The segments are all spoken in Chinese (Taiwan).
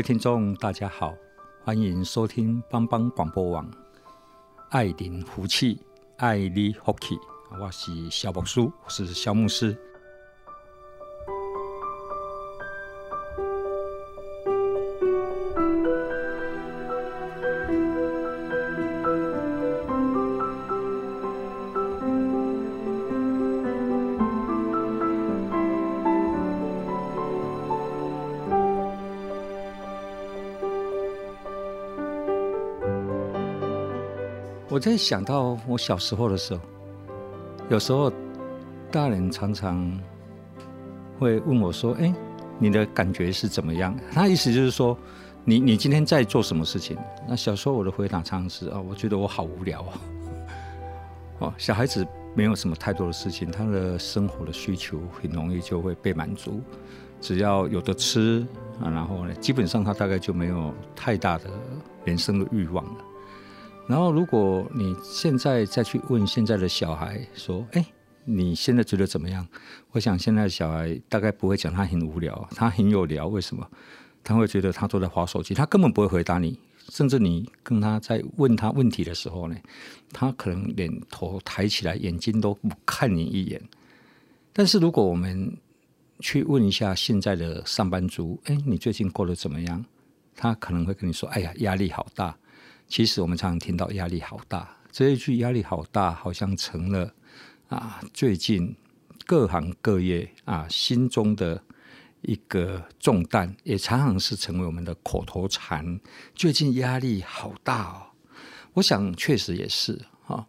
各位聽眾大家好，歡迎收聽幫幫廣播網，愛鄰福氣，愛你福氣，我是小寶叔，我是小牧師。我在想到我小時候的時候，有時候大人常常會問我說：“哎、欸，你的感覺是怎麼樣？”他意思就是說，你你今天在做什麼事情？那小時候我的回答常常是：“啊、哦，我覺得我好無聊哦。”哦，小孩子沒有什麼太多的事情，他的生活的需求很容易就會被滿足，只要有的吃啊，然後呢，基本上他大概就沒有太大的人生的慾望了。然後，如果你現在再去問現在的小孩說：“哎，你現在覺得怎麼樣？”我想現在小孩大概不會講他很無聊，他很有聊。為什麼？他會覺得他坐在滑手機，他根本不會回答你。甚至你跟他在問他問題的時候呢，他可能連頭抬起來，眼睛都不看你一眼。但是如果我們去問一下現在的上班族：“哎，你最近過得怎麼樣？”他可能會跟你說：“哎呀，壓力好大。”其實我們常常聽到“壓力好大”這一句，“壓力好大”好像成了啊，最近各行各業啊心中的一個重擔，也常常是成為我們的口頭禪。最近壓力好大哦，我想確實也是啊、哦。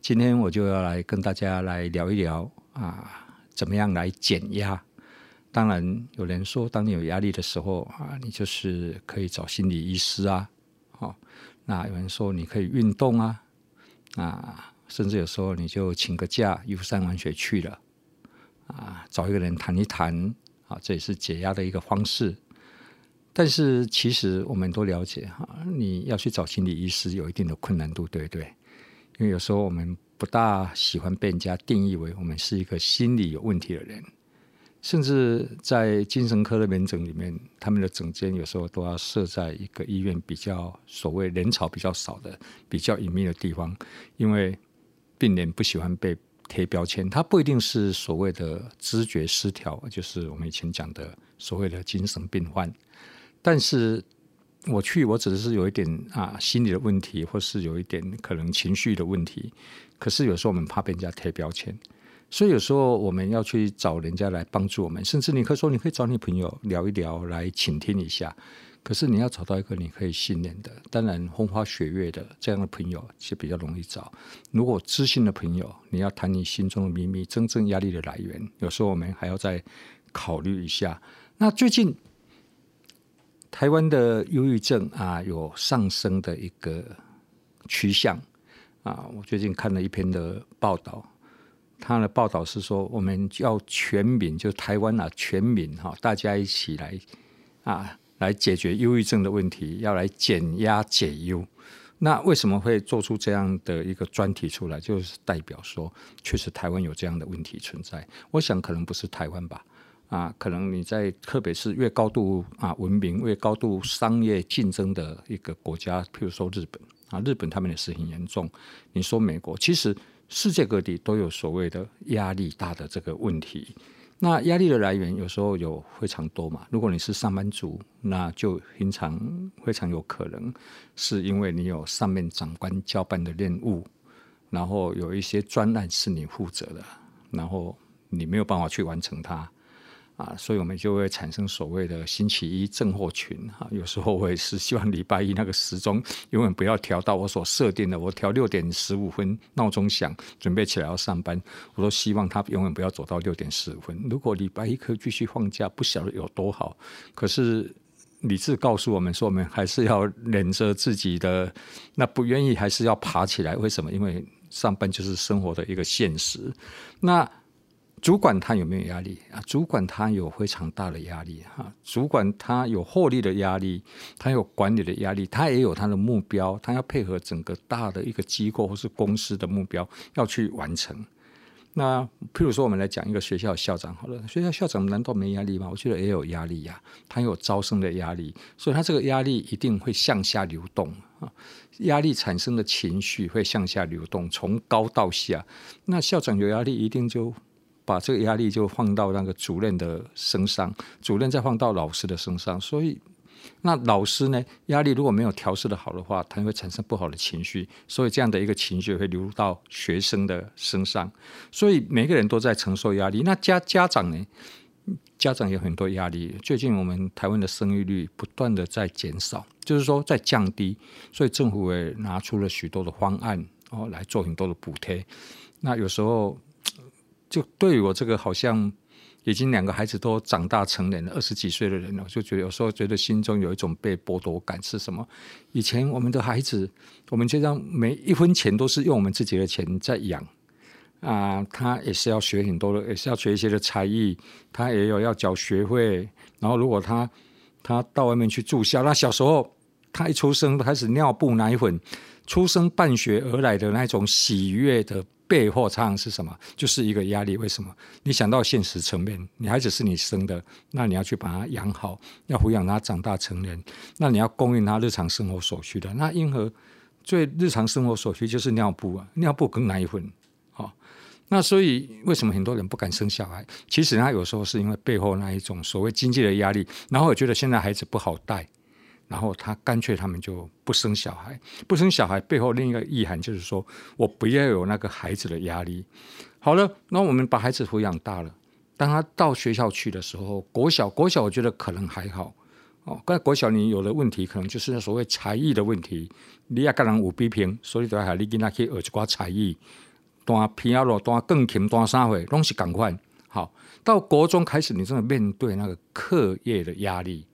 今天我就要來跟大家來聊一聊啊，怎麼樣來減壓。當然，有人說當你有壓力的時候啊，你就是可以找心理醫師啊，啊、哦。啊，有人說你可以運動啊，啊，甚至有時候你就請個假，遊山玩水去了，啊，找一個人談一談，啊，這也是解壓的一個方式。但是其實我們都了解哈，啊，你要去找心理醫師有一定的困難度，對不對？因為有時候我們不大喜歡被人家定義為我們是一個心理有問題的人。甚至在精神科的門診裡面，他們的診間有時候都要設在一個醫院比較所謂人潮比較少的、比較隱祕的地方，因為病人不喜歡被貼標籤。他不一定是所謂的思覺失調，就是我們以前講的所謂的精神病患。但是我去，我只是有一點啊，心理的問題，或是有一點可能情緒的問題。可是有時候我們怕被人家貼標籤。所以有時候我們要去找人家來幫助我們，甚至你可以說，你可以找你朋友聊一聊，來傾聽一下。可是你要找到一個你可以信任的，當然風花雪月的這樣的朋友就比較容易找。如果知心的朋友，你要談你心中的秘密、真正壓力的來源，有時候我們還要再考慮一下。那最近台灣的憂鬱症啊，有上升的一個趨向啊，我最近看了一篇的報道。他的報道是說，我們要全民，就台灣啊，全民哈，大家一起來啊，來解決憂鬱症的問題，要來減壓解憂。那為什麼會做出這樣的一個專題出來？就是代表說，確實台灣有這樣的問題存在。我想可能不是台灣吧，啊，可能你在特別是越高度啊文明、越高度商業競爭的一個國家，譬如說日本啊，日本他們也是很嚴重。你說美國，其實。世界各地都有所謂的壓力大的這個問題。那壓力的來源有時候有非常多嘛。如果你是上班族，那就平常非常有可能是因為你有上面長官交辦的任務，然後有一些專案是你負責的，然後你沒有辦法去完成它。啊，所以我們就會產生所謂的星期一症候群哈、啊，有時候我也是希望禮拜一那個時鐘永遠不要調到我所設定的，我調六點十五分鬧鐘響，準備起來要上班，我都希望它永遠不要走到六點十五分。如果禮拜一可以繼續放假，不曉得有多好。可是理智告訴我們，說我們還是要忍着自己的那不願意，還是要爬起來。為什麼？因為上班就是生活的一個現實。那。主管他有沒有壓力啊？主管他有非常大的壓力哈、啊，主管他有獲利的壓力，他有管理的壓力，他也有他的目標，他要配合整個大的一個機構或是公司的目標要去完成。那譬如說，我們來講一個學校的校長，好了，學校校長難道沒壓力嗎？我覺得也有壓力呀、啊，他有招生的壓力，所以他這個壓力一定會向下流動啊，壓力產生的情緒會向下流動，從高到下。那校長有壓力，一定就。把這個壓力就放到那個主任的身上，主任再放到老師的身上，所以那老師呢，壓力如果沒有調適的好的話，他會產生不好的情緒，所以這樣的一個情緒會流入到學生的身上，所以每個人都在承受壓力。那家家長呢？家長也有很多壓力。最近我們台灣的生育率不斷地在減少，就是說在降低，所以政府也拿出了許多的方案哦，來做很多的補貼。那有時候。就對於我這個好像已經兩個孩子都長大成人了，二十幾歲的人了，就覺得有時候覺得心中有一種被剝奪感是什麼？以前我們的孩子，我們這樣，每一分錢都是用我們自己的錢在養啊、呃，他也是要學很多的，也是要學一些的才藝，他也有要繳學費。然後如果他他到外面去住校，那小時候他一出生開始尿布奶粉，出生伴學而來的那種喜悅的。背後常常是什麼？就是一個壓力。為什麼？你想到現實層面，你孩子是你生的，那你要去把他養好，要撫養他長大成人，那你要供應他日常生活所需的。那嬰兒最日常生活所需就是尿布啊，尿布跟奶粉。哦，那所以為什麼很多人不敢生小孩？其實他有時候是因為背後那一種所謂經濟的壓力，然後我覺得現在孩子不好帶。然後他乾脆他們就不生小孩，不生小孩背後另一個意涵就是說，我不要有那個孩子的壓力。好了，那我們把孩子撫養大了，當他到學校去的時候，國小國小我覺得可能還好哦。在國小你有的問題，可能就是那所謂才藝的問題，你要跟人家有比拼，所以就害你跟他去學一掛才藝，彈琵琶咯，彈鋼琴，彈啥貨，攏是咁款。好，到國中開始，你真的面對那個課業的壓力。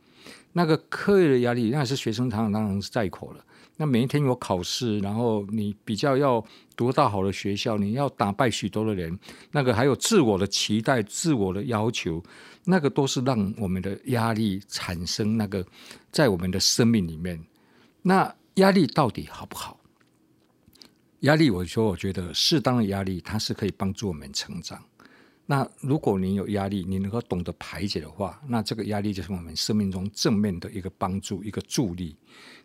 那個課業的壓力，那個，是學生常常，常是在口了。那每一天有考試，然後你比較要讀到好的學校，你要打敗許多的人，那個還有自我的期待、自我的要求，那個都是讓我們的壓力產生。那個在我們的生命裡面，那壓力到底好不好？壓力，我說，我覺得適當的壓力，它是可以幫助我們成長。那如果你有壓力，你能夠懂得排解的話，那這個壓力就是我們生命中正面的一個幫助，一個助力。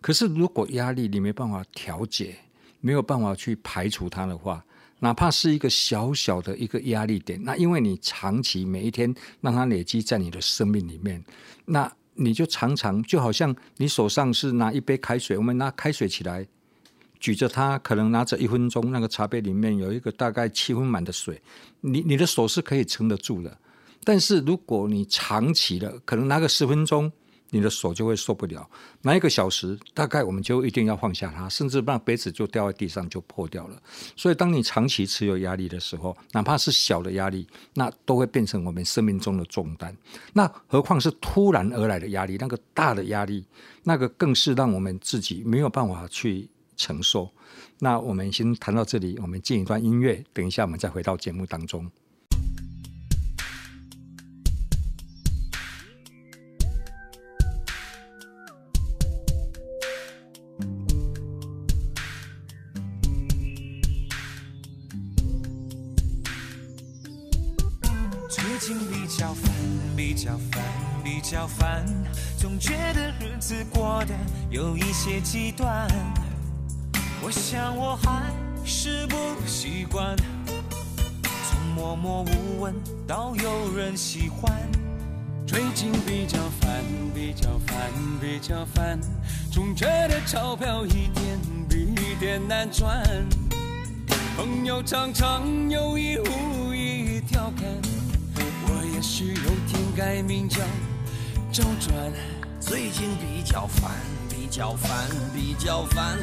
可是如果壓力你沒辦法調節，沒有辦法去排除它的話，哪怕是一個小小的一個壓力點，那因為你長期每一天讓它累積在你的生命裡面，那你就常常，就好像你手上是拿一杯開水，我們拿開水起來。舉着它，可能拿着一分鐘，那個茶杯裡面有一個大概七分滿的水，你你的手是可以撐得住的。但是如果你長期的，可能拿個十分鐘，你的手就會受不了；拿一個小時，大概我們就一定要放下它，甚至把杯子就掉在地上就破掉了。所以，當你長期持有壓力的時候，哪怕是小的壓力，那都會變成我們生命中的重擔。那何況是突然而來的壓力，那個大的壓力，那個更是讓我們自己沒有辦法去承受。那我們先談到這裡，我們進一段音樂，等一下我們再回到節目當中。最近比較煩，比較煩，比較煩，總覺得日子過得有一些極端。我想我還是不習慣，從默默無聞到有人喜歡。最近比較煩，比較煩，比較煩，總覺得鈔票一天比一天難賺。朋友常常有意無意調侃，我也許有天改名叫周轉。最近比較煩，比較煩，比較煩。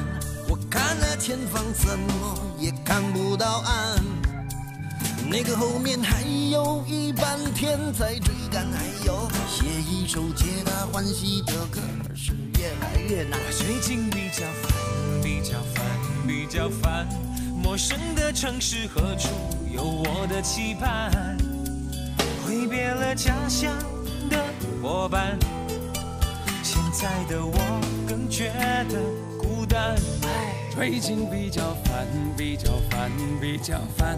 我看了、啊、前方怎麼也看不到岸，那個後面還有一半天在追趕。哎呦，寫一首皆大歡喜的歌是越來越難。最近比較煩，比較煩，比較煩。陌生的城市何處有我的期盼？揮別了家鄉的伙伴，現在的我更覺得孤單。最近比較煩，比較煩，比較煩。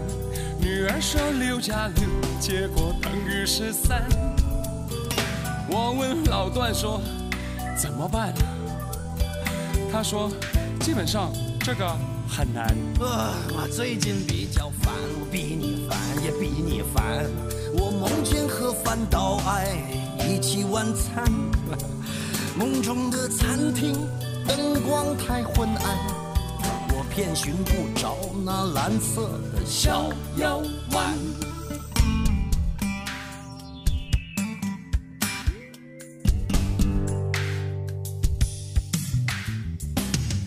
女兒說六加六，結果等於十三。我問老段說，怎麼辦？他說，基本上這個很難。啊，我最近比較煩，我比你煩也比你煩。我夢見和飯島愛一起晚餐，夢中的餐廳燈光太昏暗。遍尋不着那藍色的小妖怪。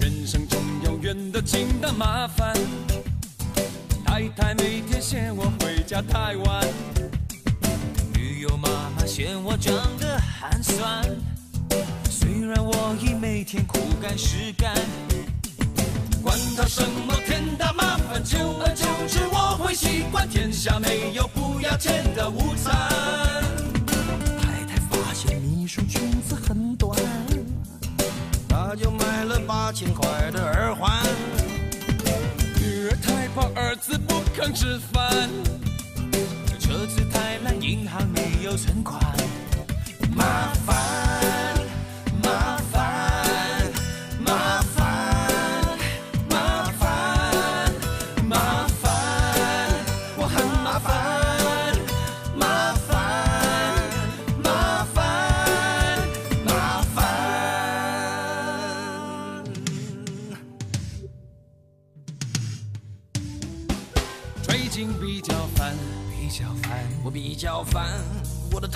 人生中遙遠的七大麻煩，太太每天嫌我回家太晚，女友媽媽嫌我長得寒酸，雖然我已每天苦幹實幹。管天下沒有不要錢的午餐。太太發現秘書裙子很短，她就買了八千塊的耳環。女兒太胖，兒子不肯吃飯。車子太爛，銀行沒有存款。麻煩。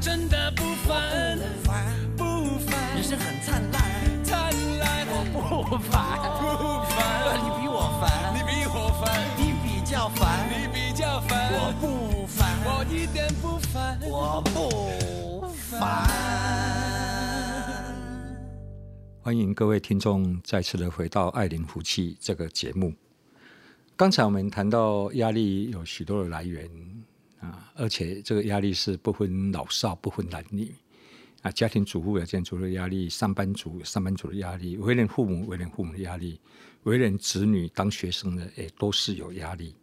真的不煩，人生很燦爛，不煩，你比我煩，你比我煩，你比較煩，你比較煩，我不煩，我一點不煩，我不煩。歡迎各位聽眾再次的回到《愛鄰福氣》這個節目。剛才我們談到壓力有許多的來源。啊，而且這個壓力是不分老少、不分男女，啊，家庭主婦有家庭主婦的壓力，上班族上班族的壓力，為人父母為人父母的壓力，為人子女當學生的也、欸、都是有壓力。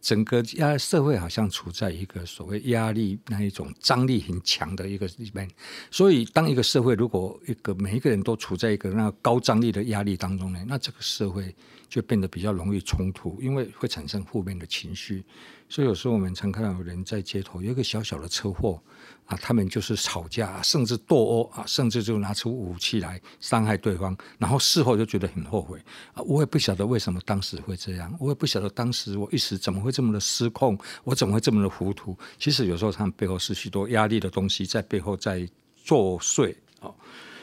整個社會好像處在一個所謂壓力那一種張力很強的一個裡面，所以當一個社會如果一個每一個人都處在一個那個高張力的壓力當中呢，那這個社會。就變得比較容易衝突，因為會產生負面的情緒，所以有時候我們常看到有人在街頭有一個小小的車禍啊，他們就是吵架，甚至鬥毆啊，甚至就拿出武器來傷害對方，然後事後就覺得很後悔啊。我也不曉得為什麼當時會這樣，我也不曉得當時我一時怎麼會這麼的失控，我怎麼會這麼的糊塗。其實有時候他們背後是許多壓力的東西在背後在作祟啊、哦。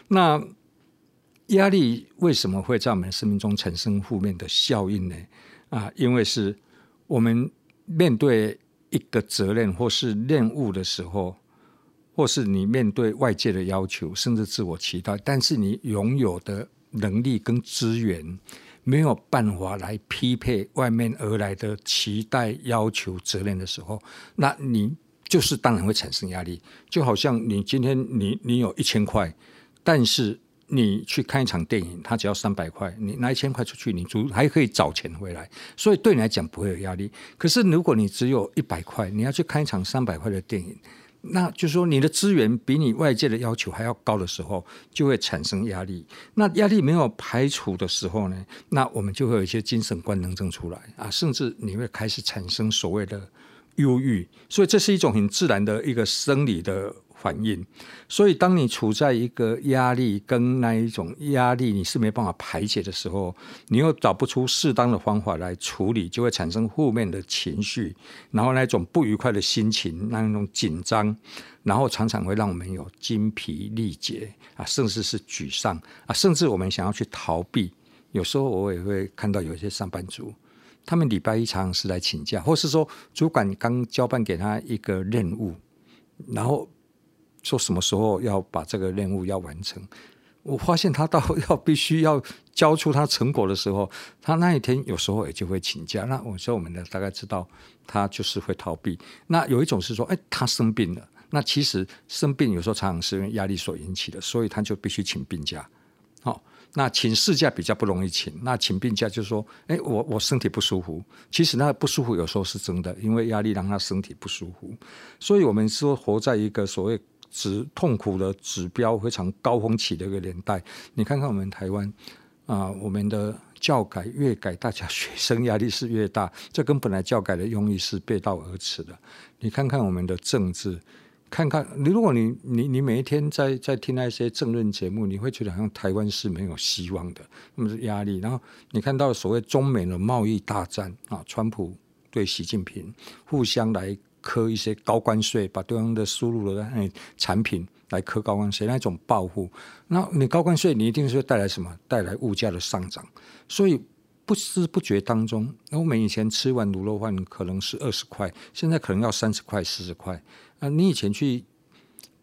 那。壓力為什麼會在我們生命中產生負面的效應呢？啊，因為是我們面對一個責任或是任務的時候，或是你面對外界的要求，甚至自我期待，但是你擁有的能力跟資源沒有辦法來匹配外面而來的期待、要求、責任的時候，那你就是當然會產生壓力。就好像你今天你你有一千塊，但是。你去看一場電影，他只要三百塊，你拿一千塊出去，你足還可以找錢回來，所以對你來講不會有壓力。可是如果你只有一百塊，你要去看一場三百塊的電影，那就是說你的資源比你外界的要求還要高的時候，就會產生壓力。那壓力沒有排除的時候呢？那我們就會有一些精神官能症出來啊，甚至你會開始產生所謂的憂鬱。所以這是一種很自然的一個生理的。反應，所以當你處在一個壓力跟那一種壓力，你是沒辦法排解的時候，你又找不出適當的方法來處理，就會產生負面的情緒，然後那種不愉快的心情，那種緊張，然後常常會讓我們有精疲力竭啊，甚至是沮喪啊，甚至我們想要去逃避。有時候我也會看到有些上班族，他們禮拜一常常是來請假，或是說主管剛交辦給他一個任務，然後。說什麼時候要把這個任務要完成？我發現他到要必須要交出他成果的時候，他那一天有時候也就會請假。那我說，我們大概知道他就是會逃避。那有一種是說，哎，他生病了。那其實生病有時候常常是因為壓力所引起的，所以他就必須請病假。好、哦，那請事假比較不容易請。那請病假就是說，哎，我我身體不舒服。其實那不舒服有時候是真的，因為壓力讓他身體不舒服。所以，我們說活在一個所謂。指痛苦的指標非常高峰期的一個年代，你看看我們台灣啊、呃，我們的教改越改，大家學生壓力是越大，這跟本來教改的用意是背道而馳的。你看看我們的政治，看看你，如果你你你每一天在在聽那些政論節目，你會覺得好像台灣是沒有希望的，那麼是壓力。然後你看到所謂中美的貿易大戰啊，川普對習近平互相來。磕一些高關稅，把對方的輸入的產品來課高關稅，那一種報復。那你高關稅，你一定是會帶來什麼？帶來物價的上漲。所以不知不覺當中，那我們以前吃碗滷肉飯可能是二十塊，現在可能要三十塊、四十塊。啊，你以前去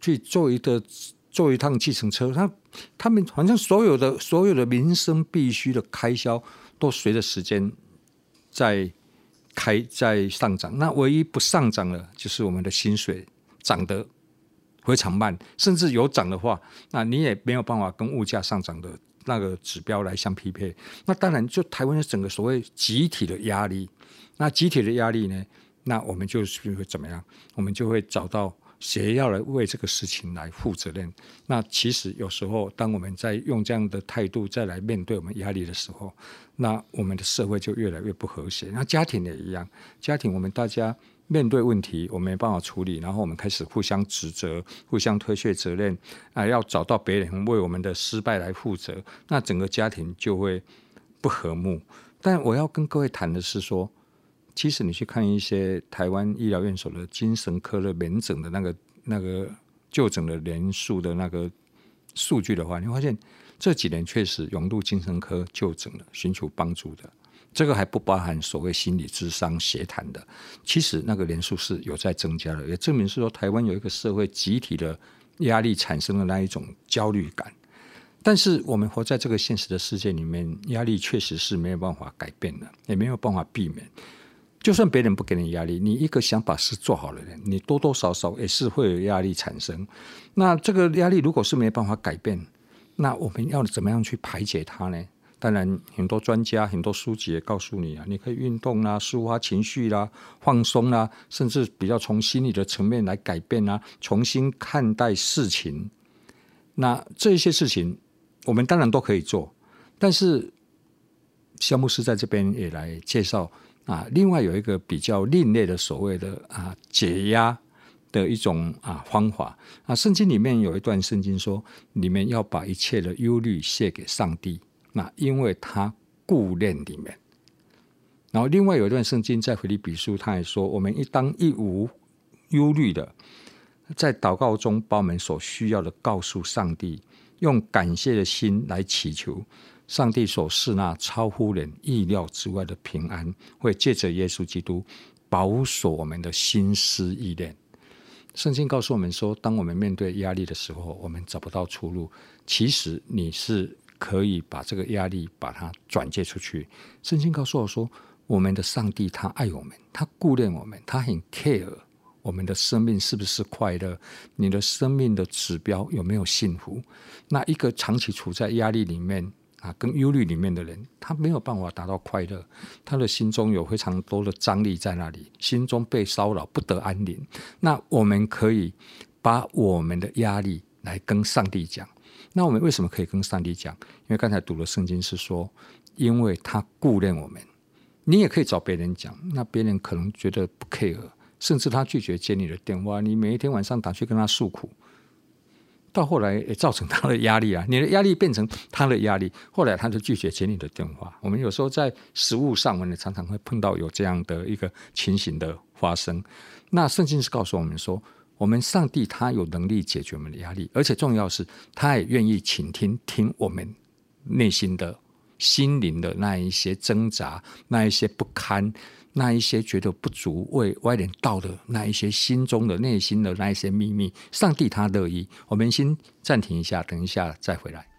去坐一個坐一趟計程車，他他們反正所有的所有的民生必須的開銷，都隨着時間在。開在上漲，那唯一不上漲的，就是我們的薪水漲得非常慢，甚至有漲的話，那你也沒有辦法跟物價上漲的那個指標來相匹配。那當然，就台灣的整個所謂集體的壓力，那集體的壓力呢，那我們就是會怎麼樣？我們就會找到。誰要來為這個事情來負責任？那其實有時候，當我們在用這樣的態度再來面對我們壓力的時候，那我們的社會就越來越不和諧。那家庭也一樣，家庭我們大家面對問題，我們沒辦法處理，然後我們開始互相指責、互相推卸責任啊，要找到別人為我們的失敗來負責，那整個家庭就會不和睦。但我要跟各位談的是說。其實你去看一些台灣醫療院所的精神科的門診的那個那個就診的人數的那個數據的話，你會發現這幾年確實湧入精神科就診的、尋求幫助的，這個還不包含所謂心理諮商、協談的。其實那個人數是有在增加的，也證明是說台灣有一個社會集體的壓力産生的那一種焦慮感。但是我們活在這個現實的世界裡面，壓力確實是沒有辦法改變的，也沒有辦法避免。就算別人不給你壓力，你一個想法是做好的人，你多多少少也是會有壓力產生。那這個壓力如果是沒辦法改變，那我們要怎麼樣去排解它呢？當然，很多專家、很多書籍也告訴你啊，你可以運動啊、抒發啊、情緒啦、啊、放鬆啊，甚至比較從心理的層面來改變啊，重新看待事情。那這些事情我們當然都可以做，但是蕭牧師在這邊也來介紹。啊，另外有一個比較另類的所謂的啊解壓的一種啊方法啊，聖經裡面有一段聖經說，你們要把一切的憂慮卸給上帝，那、啊、因為他顧念你們。然後另外有一段聖經在腓立比書，他還說，我們應當一無憂慮的，在禱告中把我們所需要的告訴上帝，用感謝的心來祈求。上帝所賜那超乎人意料之外的平安，會借着耶穌基督保守我們的心思意念。聖經告訴我們說，當我們面對壓力的時候，我們找不到出路。其實你是可以把這個壓力把它轉借出去。聖經告訴我說，我們的上帝他愛我們，他顧念我們，他很 care 我們的生命是不是快樂，你的生命的指標有沒有幸福？那一個長期處在壓力裡面。啊，跟憂慮裡面的人，他沒有辦法達到快樂，他的心中有非常多的張力在那裡，心中被騷擾不得安寧。那我們可以把我們的壓力來跟上帝講。那我們為什麼可以跟上帝講？因為剛才讀的聖經是說，因為他顧念我們。你也可以找別人講，那別人可能覺得不 care，甚至他拒絕接你的電話。你每一天晚上打去跟他訴苦。到後來，也造成他的壓力啊！你的壓力變成他的壓力，後來他就拒絕接你的電話。我們有時候在食物實務上，我們常常會碰到有這樣的一個情形的發生。那聖經是告訴我們說，我們上帝他有能力解決我們的壓力，而且重要是，他也願意傾聽聽我們內心的、心靈的那一些掙扎，那一些不堪。那一些覺得不足為外人道的那一些心中的內心的那一些秘密，上帝他樂意。我們先暫停一下，等一下再回來。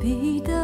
彼得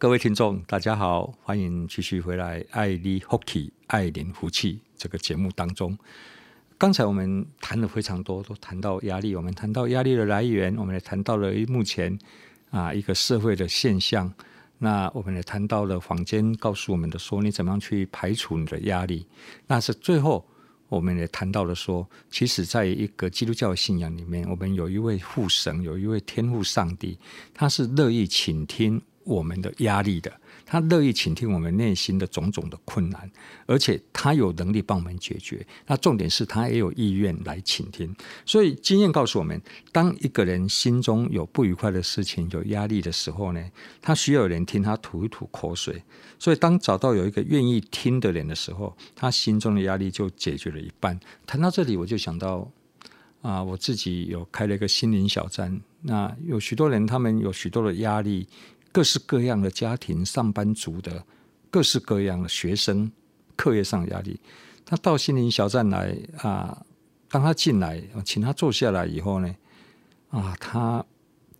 各位聽眾，大家好，歡迎繼續回來《愛鄰福氣》愛鄰福氣這個節目當中。剛才我們談了非常多，都談到壓力，我們談到壓力的來源，我們也談到了目前啊一個社會的現象。那我們也談到了坊間告訴我們的說，你怎麼樣去排除你的壓力？那是最後我們也談到了說，其實在一個基督教信仰裡面，我們有一位父神，有一位天父上帝，他是樂意傾聽。我們的壓力的，他樂意傾聽我們內心的種種的困難，而且他有能力幫我們解決。那重點是他也有意願來傾聽。所以經驗告訴我們，當一個人心中有不愉快的事情、有壓力的時候呢，他需要有人聽他吐一吐口水。所以當找到有一個願意聽的人的時候，他心中的壓力就解決了一半。談到這裡，我就想到啊，呃，我自己有開了一個心靈小站，那有許多人，他們有許多的壓力。各式各樣的家庭、上班族的、各式各樣的學生，課業上壓力，他到心靈小站來啊，當他進來，請他坐下來以後呢，啊，他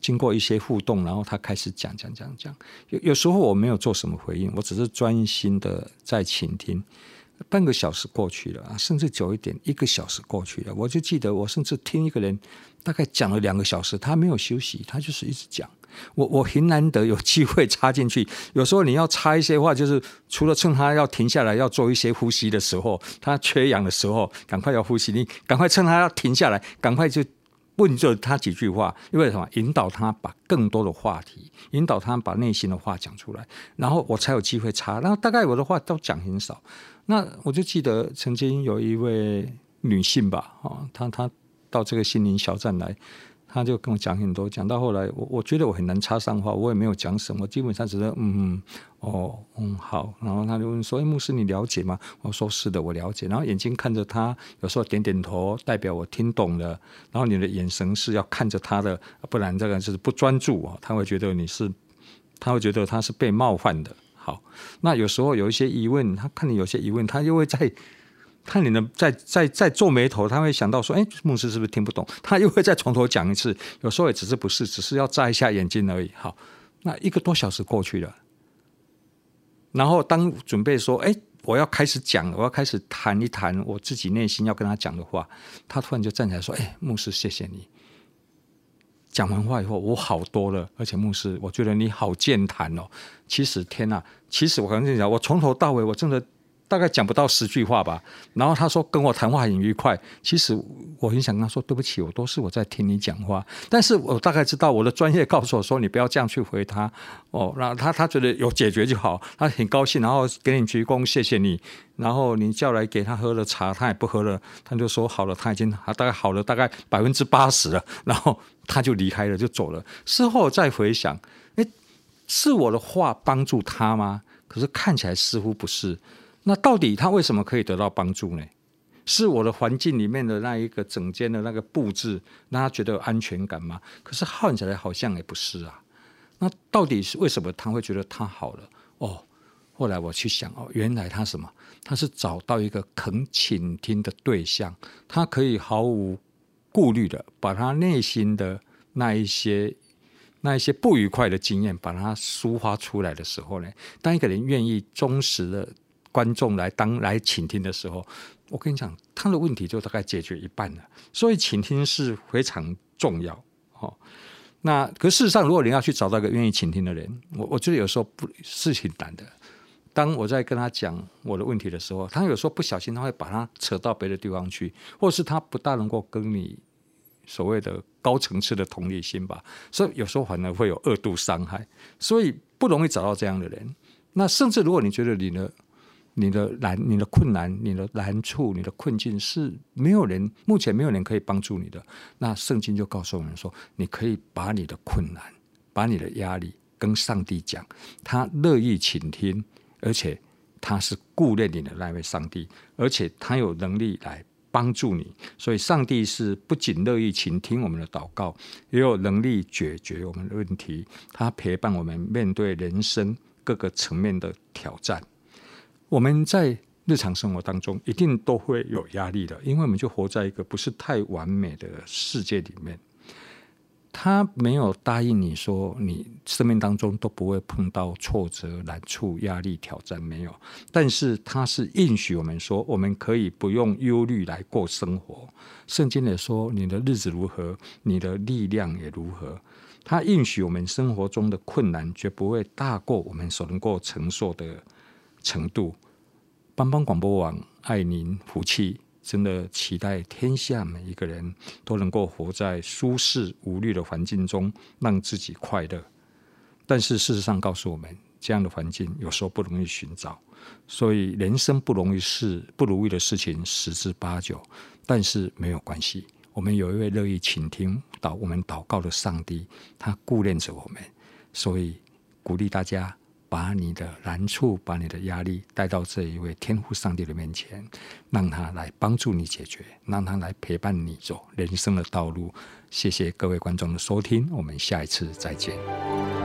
經過一些互動，然後他開始講講講講，有有時候我沒有做什麼回應，我只是專心的在傾聽。半個小時過去了，啊，甚至久一點，一個小時過去了，我就記得我甚至聽一個人大概講了兩個小時，他沒有休息，他就是一直講。我我很難得有機會插進去，有時候你要插一些話，就是除了趁他要停下來要做一些呼吸的時候，他缺氧的時候，趕快要呼吸，你趕快趁他要停下來，趕快就問着他幾句話，因為什麼？引導他把更多的話題，引導他把內心的話講出來，然後我才有機會插。那大概我的話都講很少。那我就記得曾經有一位女性吧，她她到這個心靈小站來。他就跟我講很多，講到後來，我我覺得我很難插上話，我也沒有講什麼，我基本上只是嗯、哦、嗯，哦嗯好。然後他就問說：“哎，牧師，你了解嗎？”我說：“是的，我了解。”然後眼睛看着他，有時候點點頭，代表我聽懂了。然後你的眼神是要看着他的，不然這個人就是不專注啊，他會覺得你是，他會覺得他是被冒犯的。好，那有時候有一些疑問，他看你有些疑問，他就會在。看你能在在在皺眉頭，他會想到說：“哎，牧師是不是聽不懂？”他又會再從頭講一次。有時候也只是不是，只是要眨一下眼睛而已。好，那一個多小時過去了，然後當準備說：“哎，我要開始講了，我要開始談一談我自己內心要跟他講的話。”他突然就站起來說：“哎，牧師，謝謝你。”講完話以後，我好多了，而且牧師，我覺得你好健談哦。其實天哪，其實我跟你講，我從頭到尾，我真的。大概講不到十句話吧，然後他說跟我談話很愉快。其實我很想跟他說對不起，我都是我在聽你講話。但是我大概知道我的專業告訴我說，你不要這樣去回他哦。然後他他覺得有解決就好，他很高興，然後給你鞠躬，謝謝你。然後你叫來給他喝了茶，他也不喝了，他就說好了，他已經大概好了，大概百分之八十了。然後他就離開了，就走了。事後再回想，誒，是我的話幫助他嗎？可是看起來似乎不是。那到底他為什麼可以得到幫助呢？是我的環境裡面的那一個整間的那個布置讓他覺得有安全感嗎？可是看起來好像也不是啊。那到底是為什麼他會覺得他好了？哦，後來我去想哦，原來他什麼？他是找到一個肯傾聽的對象，他可以毫無顧慮的把他內心的那一些那一些不愉快的經驗把它抒發出來的時候呢，當一個人願意忠實的觀眾來當來傾聽的時候，我跟你講，他的問題就大概解決一半了。所以傾聽是非常重要哦。那可是事實上，如果你要去找到一個願意傾聽的人，我我覺得有時候不事情難的。當我在跟他講我的問題的時候，他有時候不小心，他會把他扯到別的地方去，或者是他不大能夠跟你所謂的高層次的同理心吧。所以有時候反而會有二度傷害，所以不容易找到這樣的人。那甚至如果你覺得你的你的難、你的困難、你的難處、你的困境，是沒有人目前沒有人可以幫助你的。那聖經就告訴我們說，你可以把你的困難、把你的壓力跟上帝講，他樂意傾聽，而且他是顧念你的那位上帝，而且他有能力來幫助你。所以，上帝是不僅樂意傾聽我們的禱告，也有能力解決我們的問題。他陪伴我們面對人生各個層面的挑戰。我們在日常生活當中一定都會有壓力的，因為我們就活在一個不是太完美的世界裡面。他沒有答應你說，你生命當中都不會碰到挫折、難處、壓力、挑戰，沒有。但是，他是應許我們說，我們可以不用憂慮來過生活。聖經也說：“你的日子如何，你的力量也如何。”他應許我們生活中的困難絕不會大過我們所能夠承受的。程度，幫幫廣播網，愛鄰福氣，真的期待天下每一個人都能夠活在舒適無慮的環境中，讓自己快樂。但是事實上告訴我們，這樣的環境有時候不容易尋找，所以人生不容易，事不如意的事情十之八九，但是沒有關係。我們有一位樂意傾聽禱我們禱告的上帝，他顧念着我們，所以鼓勵大家。把你的難處，把你的壓力帶到這一位天父上帝的面前，讓他來幫助你解決，讓他來陪伴你走人生的道路。謝謝各位觀眾的收聽，我們下一次再見。